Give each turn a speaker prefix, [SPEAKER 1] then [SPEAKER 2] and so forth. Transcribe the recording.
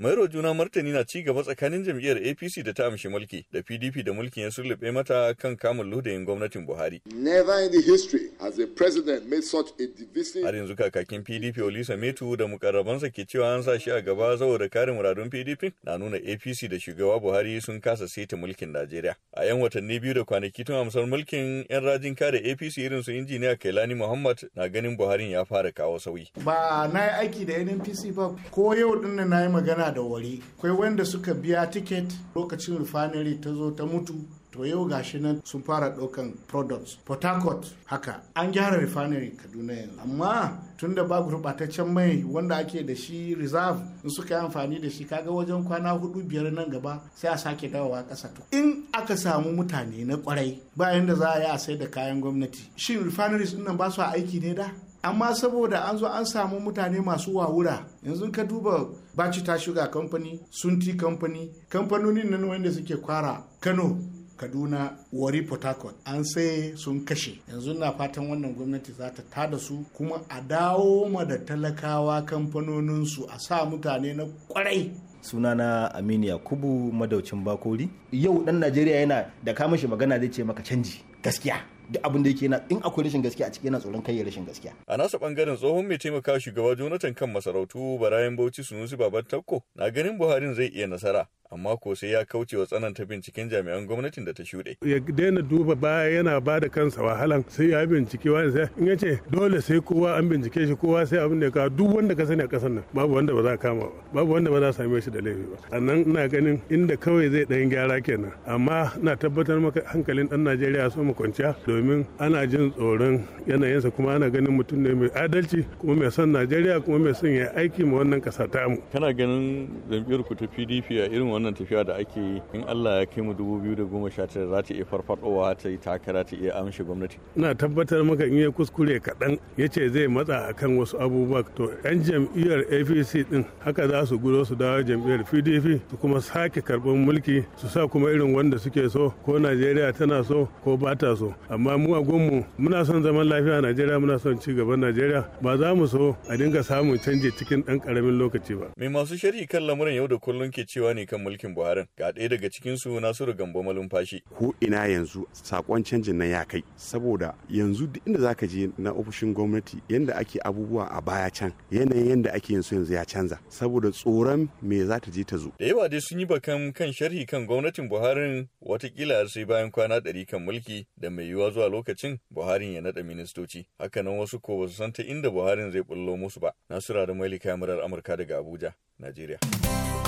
[SPEAKER 1] Mairo juna martani na ci gaba tsakanin jam'iyyar APC da ta amshi mulki da PDP da mulkin ya sulluɓe mata kan kamun ludayin gwamnatin Buhari.
[SPEAKER 2] Never in the history
[SPEAKER 1] president made such a Har yanzu kakakin PDP Olisa Metu da mukarrabansa ke cewa an sa shi a gaba saboda kare muradun PDP na nuna APC da shugaba Buhari sun kasa saita mulkin Najeriya. A 'yan watanni biyu da kwanaki tun amsar mulkin 'yan rajin kare APC irin su injiniya Kailani Muhammad na ganin Buhari ya fara kawo sauyi.
[SPEAKER 2] Ba na yi aiki da npc ba ko yau din na yi magana da wari akwai wanda suka biya tiket lokacin refinery ta zo ta mutu to yau gashi nan sun fara ɗaukan products port harcourt haka an gyara refinery kaduna yanzu amma tun da ba gurɓataccen mai wanda ake da shi reserve in suka yi amfani da shi kaga wajen kwana hudu biyar nan gaba sai a sake dawowa ƙasa to in aka samu mutane na kwarai bayan da za a yi a sai da kayan gwamnati shin refineries ɗin nan ba su aiki ne da amma saboda an zo an samu mutane masu wawura yanzu ka duba baci ta shiga kamfani sunti kamfani kamfanonin nan wanda suke kwara kano kaduna wari port an sai sun kashe yanzu na fatan wannan gwamnati za ta tada su kuma a dawo ma da talakawa kamfanoninsu a sa mutane na kwarai sunana aminu yakubu madaucin bakori yau dan najeriya yana da kamashi magana zai ce maka canji gaskiya duk abin da yake na in akwai rashin gaskiya a cikin yana tsoron kai rashin gaskiya
[SPEAKER 1] a nasa bangaren tsohon mai taimaka shugaba Jonathan kan masarautu Barayin Bauchi Sunusi Baban na ganin Buharin zai iya nasara amma ko sai ya kauce wa tsananta binciken jami'an gwamnatin da ta shuɗe.
[SPEAKER 3] Ya daina duba baya yana ba da kansa wahalan sai ya bincike wani sai in yace dole sai kowa an bincike shi kowa sai abin da ya kawo duk wanda ka sani a ƙasar nan babu wanda ba za a kama ba babu wanda ba za a same shi da laifi ba. Sannan ina ganin inda kawai zai ɗan gyara kenan amma na tabbatar maka hankalin ɗan Najeriya so mu kwanciya domin ana jin tsoron yanayinsa kuma ana ganin mutum ne mai adalci kuma mai son Najeriya kuma mai son ya aiki ma wannan ƙasa tamu.
[SPEAKER 1] Kana ganin jam'iyyar ku ta PDP a irin wannan tafiya da ake yi in Allah ya kai mu 2019 za ta iya farfadowa ta yi takara ta iya amshi gwamnati
[SPEAKER 3] ina tabbatar maka in ya kuskure kaɗan ya ce zai matsa a kan wasu abubuwa to 'yan jam'iyyar apc ɗin haka za su gudo su dawo jam'iyyar pdp su kuma sake karɓar mulki su sa kuma irin wanda suke so ko najeriya tana so ko ba ta so amma mu a gunmu muna son zaman lafiya a najeriya muna son ci gaban najeriya ba za mu so a dinga samun canji cikin ɗan ƙaramin lokaci ba
[SPEAKER 1] mai masu shari'i kan lamuran yau da kullum ke cewa ne kan mulkin Buharin. Ga ɗaya daga cikinsu Nasiru Gambo Malumfashi.
[SPEAKER 3] Ko ina yanzu sakon canjin na ya kai saboda yanzu duk inda zaka je na ofishin gwamnati yanda ake abubuwa a baya can yanayin yanda ake yanzu yanzu ya canza saboda tsoron me
[SPEAKER 1] za ta je ta zo. Da yawa dai sun yi bakan kan sharhi kan gwamnatin Buharin watakila sai bayan kwana ɗari kan mulki da mai yiwuwa zuwa lokacin Buharin ya naɗa ministoci. Hakanan wasu ko ba su san ta inda Buharin zai bullo musu ba. nasiru da Maili kamarar Amurka daga Abuja, Najeriya.